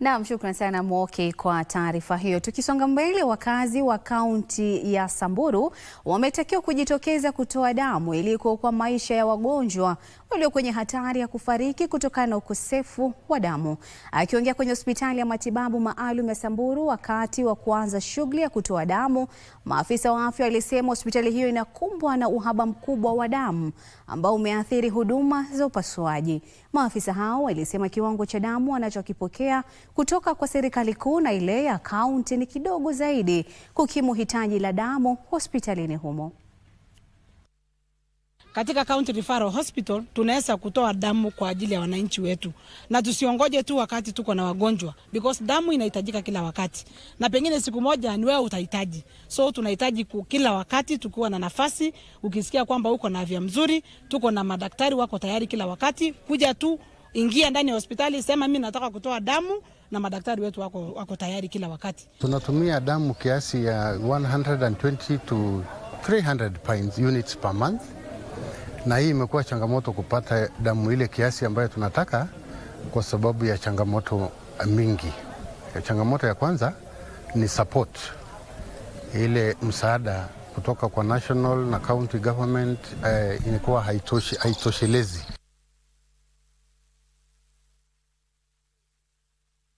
Naam, shukran sana Mwoke kwa taarifa hiyo. Tukisonga mbele, wakazi wa kaunti ya Samburu wametakiwa kujitokeza kutoa damu ili kuokoa maisha ya wagonjwa walio kwenye hatari ya kufariki kutokana na ukosefu wa damu. Akiongea kwenye hospitali ya matibabu maalum ya Samburu wakati wa kuanza shughuli ya kutoa damu, maafisa wa afya walisema hospitali hiyo inakumbwa na uhaba mkubwa wa damu ambao umeathiri huduma za upasuaji. Maafisa hao walisema kiwango cha damu wanachokipokea kutoka kwa serikali kuu na ile ya kaunti ni kidogo zaidi kukimu hitaji la damu hospitalini humo. Katika County Referral Hospital tunaweza kutoa damu kwa ajili ya wananchi wetu, na tusiongoje tu wakati tuko na wagonjwa, because damu inahitajika kila wakati, na pengine siku moja ni wewe utahitaji. So tunahitaji kila wakati, tukiwa na nafasi, ukisikia kwamba uko na afya mzuri, tuko na madaktari wako tayari kila wakati, kuja tu, ingia ndani ya hospitali, sema mimi nataka kutoa damu na madaktari wetu wako, wako tayari kila wakati. Tunatumia damu kiasi ya 120 to 300 pints units per month, na hii imekuwa changamoto kupata damu ile kiasi ambayo tunataka kwa sababu ya changamoto mingi. Changamoto ya kwanza ni support, ile msaada kutoka kwa national na county government eh, inakuwa haitoshelezi